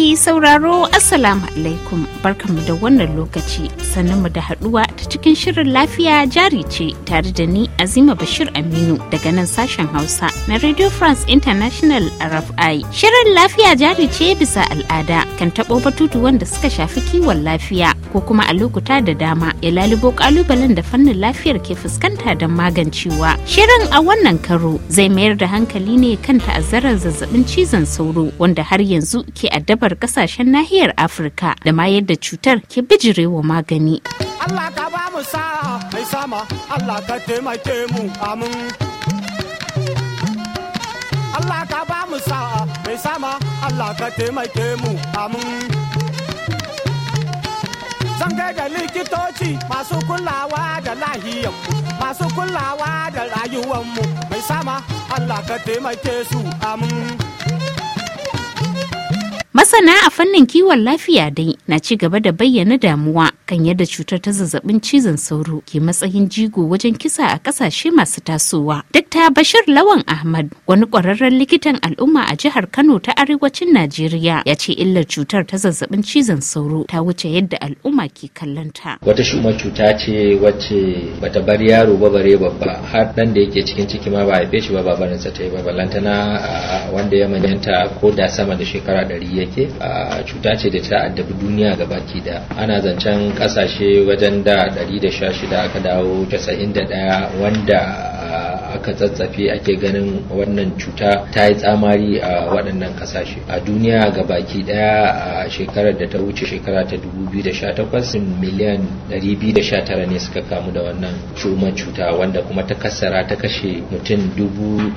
yi sauraro Assalamu alaikum barkanmu da wannan lokaci sannan mu da haduwa ta cikin shirin lafiya jari ce tare da ni Azima Bashir Aminu daga nan sashen Hausa na Radio France International RFI. Shirin lafiya jari ce bisa al'ada kan taɓo batutu wanda suka shafi kiwon lafiya ko kuma a lokuta da dama ya lalubo kalubalen da fannin lafiyar ke fuskanta don magancewa. Shirin a wannan karo zai mayar da hankali ne kan ta'azzarar zazzabin cizon sauro wanda har yanzu ke addabar kasashen nahiyar Afirka da ma yadda cutar ke bijirewa magani. Allah ka ba mu mai taimake mu mai sama Allah ka taimake mu amin. Zan da likitoci masu kulawa da lahiyar masu kulawa da rayuwar mu mai sama Allah ka taimake su amin. Masana a fannin kiwon lafiya dai na ci gaba da bayyana damuwa kan yadda cutar ta zazzabin cizon sauro ke matsayin jigo wajen kisa a kasashe masu tasowa. Dr. Bashir Lawan Ahmad, wani ƙwararren likitan al'umma a jihar Kano ta arewacin Najeriya, ya ce illar cutar ta zazzabin cizon sauro ta wuce yadda al'umma ke kallonta. Wata shuma cuta ce wacce bata bar yaro ba bare babba har nan da yake cikin ciki ma ba haife shi ba babarinsa ta yi ba ballantana wanda ya manyanta ko da sama da shekara ɗari yake a cuta ce da ta addabi duniya gabaki da ana zancen kasashe wajen da 116 aka dawo 91 wanda aka tsatsafe ake ganin wannan cuta ta yi tsamari a waɗannan ƙasashe a duniya ga baki ɗaya a shekarar da ta wuce shekara ta 2018 miliyan 219 ne suka kamu da wannan cuma cuta wanda kuma ta kassara ta kashe mutum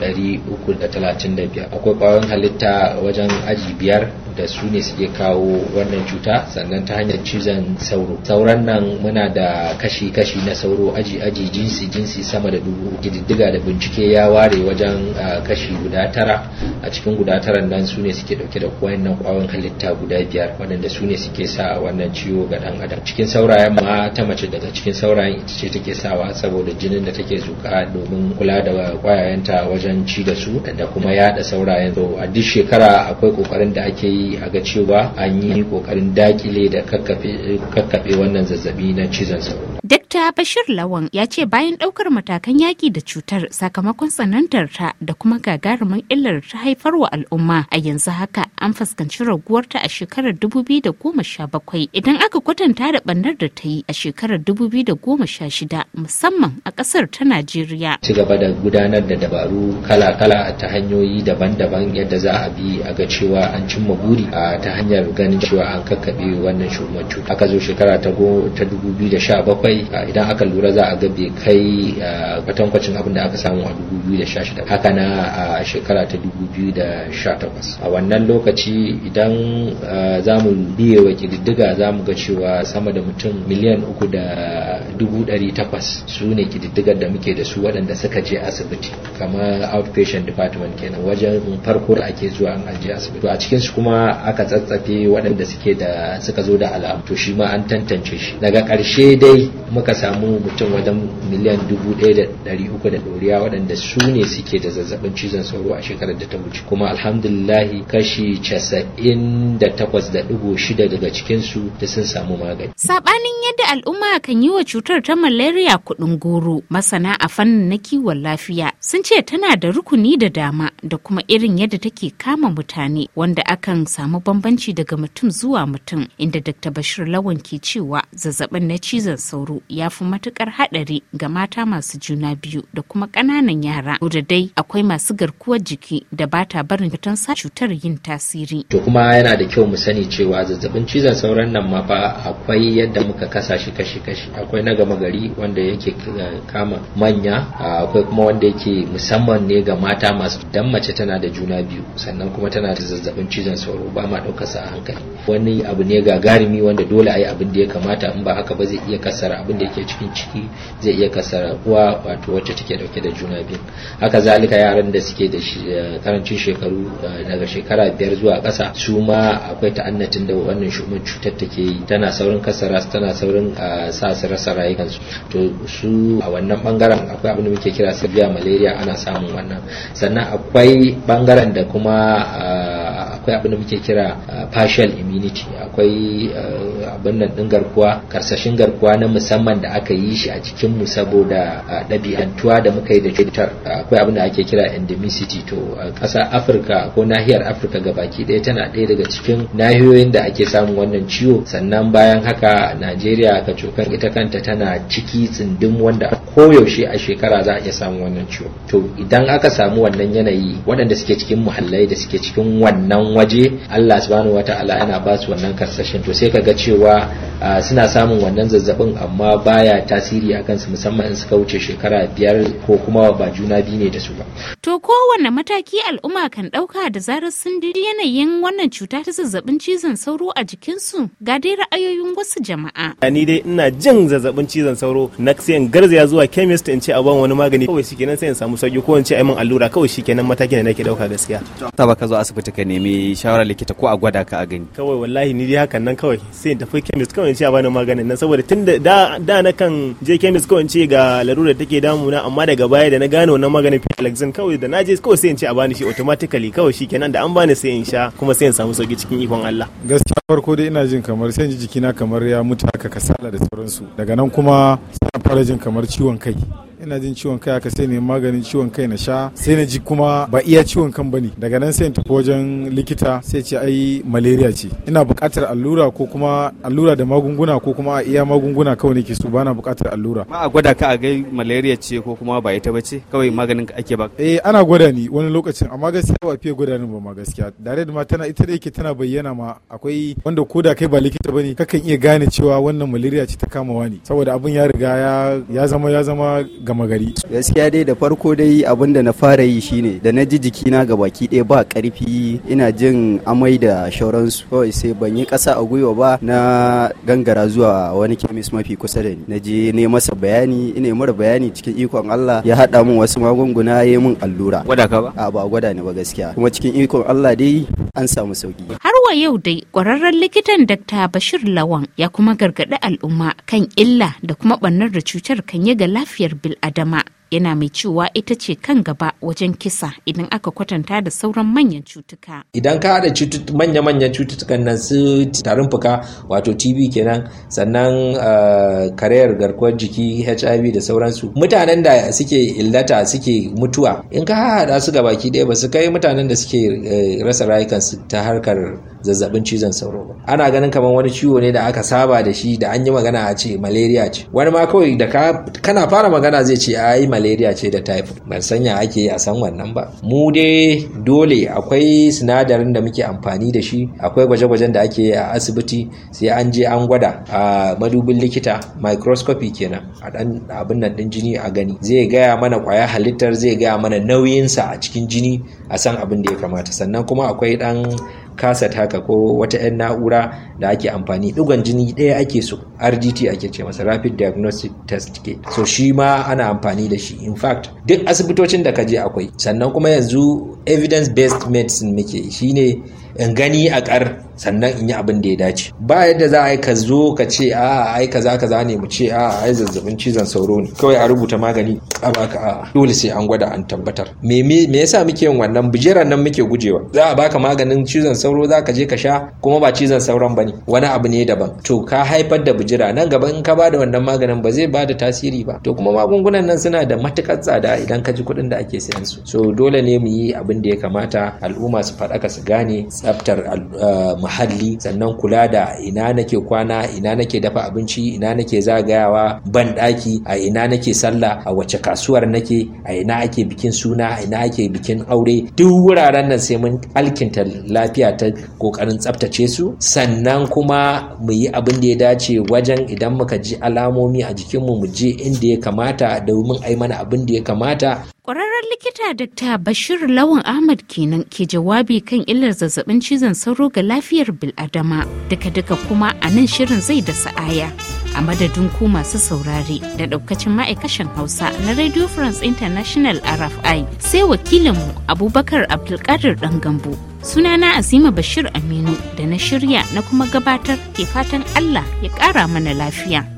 335 akwai ƙwayoyin halitta wajen aji biyar da su ne suke kawo wannan cuta sannan ta hanyar cizon sauro sauran nan muna da kashi-kashi na sauro aji-aji jinsi-jinsi sama da dubu ƙididdiga da bincike ya ware wajen kashi guda tara a cikin guda taran nan su ne suke dauke da wayannan kwayoyin halitta guda biyar waɗanda su ne suke sa wannan ciwo ga dan adam cikin saurayen ma ta mace daga cikin saurayen ita ce take sawa saboda jinin da take zuka domin kula da kwayayenta wajen ci da su da kuma yada saurayen to a duk shekara akwai kokarin da ake yi a ga cewa an yi kokarin dakile da kakkafe wannan zazzabi na cizon sauro Dr. Bashir Lawan ya ce bayan ɗaukar matakan yaƙi da cutar sakamakon tsanantar ta da kuma gagarumin illar ta haifar wa al'umma a yanzu haka an fuskanci raguwar ta a shekarar 2017 idan aka kwatanta da ɓannar da ta yi a shekarar 2016 musamman a ƙasar ta Najeriya. Ci gaba da gudanar da dabaru kala-kala ta hanyoyi daban-daban yadda za a bi a ga cewa an cimma buri a ta hanyar ganin cewa an kakkaɓe wannan shugaban cuta. Aka zo shekara ta 2017 kai idan aka lura za a ga bai kai kwatankwacin abin da aka samu a 2016 haka na a shekara ta 2018 a wannan lokaci idan za mu biye wa kididdiga za mu ga cewa sama da mutum miliyan uku da dubu ɗari takwas su ne kididdigar da muke da su waɗanda suka je asibiti kamar outpatient department kenan wajen farko da ake zuwa an aje asibiti To a cikin su kuma aka tsatsafe waɗanda suke da suka zo da alamu to shi ma an tantance shi daga ƙarshe dai muka samu mutum wajen miliyan 1,300 da ɗoriya waɗanda su ne suke da zazzabin cizon sauro a shekarar da ta wuce kuma alhamdulillahi kashi 98.6 daga cikinsu da sun samu magani. Saɓanin yadda al'umma kan yi wa cutar ta malaria kuɗin goro masana a fannin na kiwon lafiya sun ce tana da rukuni da dama da kuma irin yadda take kama mutane wanda akan samu bambanci daga mutum zuwa mutum inda Dr. Bashir Lawan ke cewa zazzabin na cizon sauro ya fi matukar hadari ga mata masu juna biyu da kuma kananan yara da dai akwai masu garkuwar jiki da ba ta barin fitan sa cutar yin tasiri. To kuma yana da kyau mu sani cewa zazzabin cizon sauran nan ma fa akwai yadda muka kasa shi kashi-kashi akwai na gama gari wanda yake eh, kama manya akwai kuma wanda yake musamman ne ga mata masu dan mace tana da juna biyu sannan kuma tana da zazzabin cizon sauro ba ma daukar sa a hankali wani abu ne gagarumi wanda dole a yi abin da ya kamata in ba haka ba zai iya kasara. abin da yake cikin ciki zai iya kasara uwa wato wacce take dauke da juna biyu haka zalika yaran da suke da eh, karancin shekaru eh, daga shekara biyar zuwa kasa su ma akwai ta'annatin da wannan shuman cutar take yi tana saurin kasara tana saurin eh, sa su rasa rayukansu to su a wannan bangaren akwai abin da muke kira sabiya malaria ana samun wannan sannan akwai bangaren da kuma akwai abin da muke kira uh, partial immunity akwai uh, abin nan din garkuwa karsashin garkuwa na musamman da aka yi shi a cikin mu saboda uh, ɗabi'antuwa da muka yi da cutar akwai abin da ake kira endemicity to ƙasa afirka ko nahiyar afirka baki ɗaya tana ɗaya daga cikin nahiyoyin da ake samun wannan ciwo sannan bayan haka najeriya kacokan ita kanta tana ciki tsindin wanda koyaushe a shekara za a iya samu wannan ciwo to idan aka samu wannan yanayi waɗanda suke cikin muhallai da suke cikin wannan waje Allah subhanahu wataala yana ba su wannan karsashin to sai kaga cewa suna samun wannan zazzabin amma baya tasiri a kansu musamman in suka wuce shekara biyar ko kuma ba juna biyu ne da su ba to kowane mataki al'umma kan ɗauka da zarar sun diri yanayin wannan cuta ta zazzabin cizon sauro a jikinsu ga dai ra'ayoyin wasu jama'a ni dai ina jin zazzabin cizon sauro na sai garzaya zuwa ba chemist in ce a ban wani magani kawai shi kenan sai in samu sauki ko in ce ai min allura kawai shi kenan matakin da nake dauka gaskiya ta ka zo asibiti ka nemi shawarar likita ko a gwada ka a gani kawai wallahi ni dai hakan nan kawai sai in tafi chemist kawai in ce a bani maganin nan saboda tun da da na kan je chemist kawai in ce ga larurar take damuna amma daga baya da na gane wannan maganin Flexin kawai da na je kawai sai in ce a bani shi automatically kawai shi da an bani sai in sha kuma sai in samu sauki cikin ikon Allah gaskiya farko dai ina jin kamar sai jikina kamar ya mutu haka kasala da sauransu daga nan kuma fara kamar ciwon kai ina jin ciwon kai aka sai ne maganin ciwon kai na sha sai na ji kuma ba iya ciwon kan bane daga nan sai tafi wajen likita sai ce ai malaria ce ina buƙatar allura ko kuma allura da magunguna ko kuma iya magunguna kawai nake so bana buƙatar allura ma a gwada ka a ga malaria ce ko kuma ba ita bace kawai maganin ka ake ba eh ana gwada ni wani lokacin amma gaskiya ba fiye gwada ni ba ma gaskiya dare da ma tana ita da yake tana bayyana ma akwai wanda ko da kai ba likita bane kakan iya gane cewa wannan malaria ce ta kama wani saboda abin ya riga ya ya zama ya zama gama gari gaskiya dai da farko dai abin da na fara yi shine da na ji jikina ga baki ɗaya ba karfi ina jin amai da shauransu kawai sai ban yi ƙasa a gwiwa ba na gangara zuwa wani kemis mafi kusa da ni na je ne masa bayani ina yi mara bayani cikin ikon Allah ya haɗa min wasu magunguna ya yi min allura gwada ka ba a ba gwada ne ba gaskiya kuma cikin ikon Allah dai an samu sauki wa yau dai kwararren likitan Dr. Bashir Lawan ya kuma gargaɗi al'umma kan illa da kuma ɓannar da cutar kan yi ga lafiyar bil'adama. yana mai cewa ita ce kan gaba wajen kisa idan aka kwatanta da sauran manyan cutuka. Idan ka haɗa manya-manyan cututtukan nan su tarin fuka wato TB kenan sannan eh, karayar garkuwar jiki HIV da sauransu. Mutanen da suke illata suke mutuwa in ka haɗa su gabaki ɗaya ba su kai mutanen da suke eh, rasa rayukansu ta harkar zazzabin cizon sauro ba ana ganin kamar wani ciwo ne da aka saba da shi da an yi magana a ce malaria ce wani ma kawai da ka kana fara magana zai ce a yi malaria ce da typhoid ban sanya ake a san wannan ba mu dai dole akwai sinadarin da muke amfani da shi akwai gwaje-gwajen da ake a asibiti sai an je an gwada a madubin likita microscopy kenan a dan abin nan din jini a gani zai gaya mana kwaya halittar zai gaya mana nauyinsa a cikin jini a san abin da ya kamata sannan kuma akwai dan kaset haka ko wata 'yan na'ura da ake amfani ɗigon jini ɗaya ake so rdt ake ce masa rapid diagnostic test ke so shi ma ana amfani da shi in fact duk asibitocin da ka je akwai sannan kuma yanzu evidence based medicine muke shine in gani a kar sannan in yi abin da ya dace ba yadda za a yi ka zo ka ce a ai kaza kaza ne mu ce a ai zazzabin cizon sauro ne kawai a rubuta magani a baka a dole sai an gwada an tabbatar me me yasa muke yin wannan bijiran nan muke gujewa za a baka maganin cizon sauro za ka je ka sha kuma ba cizon sauron bane wani abu ne daban to ka haifar da bijira nan gaba in ka ba da wannan maganin ba zai ba da tasiri ba to kuma magungunan nan suna da matukar tsada idan ka ji kuɗin da ake sayan su so dole ne mu yi abin da ya kamata al'umma su faɗaka su gane tsaftar eh, muhalli sannan kula da ina nake kwana ina nake dafa abinci ina nake zagayawa ban ɗaki a ina nake sallah a wace kasuwar nake a ina ake bikin suna a ina ake bikin aure duk wuraren nan sai mun alkinta lafiya ta kokarin tsaftace su sannan kuma mu yi abin da ya dace wajen idan muka ji alamomi a jikinmu mu je inda ya kamata domin ai mana abin da ya kamata Ƙwararren likita Dr. Bashir Lawan Ahmad kenan ke jawabi kan illar zazzabin cizon sauro ga lafiyar bil'adama. Duka-duka kuma a nan shirin zai da sa'aya. A madadin ku masu saurare da ɗaukacin ma'aikashin Hausa na Radio France International RFI sai wakilinmu Abubakar Abdulkadir ɗan gambo. Sunana Azima Bashir Aminu da na shirya na kuma gabatar ke fatan Allah ya ƙara mana lafiya.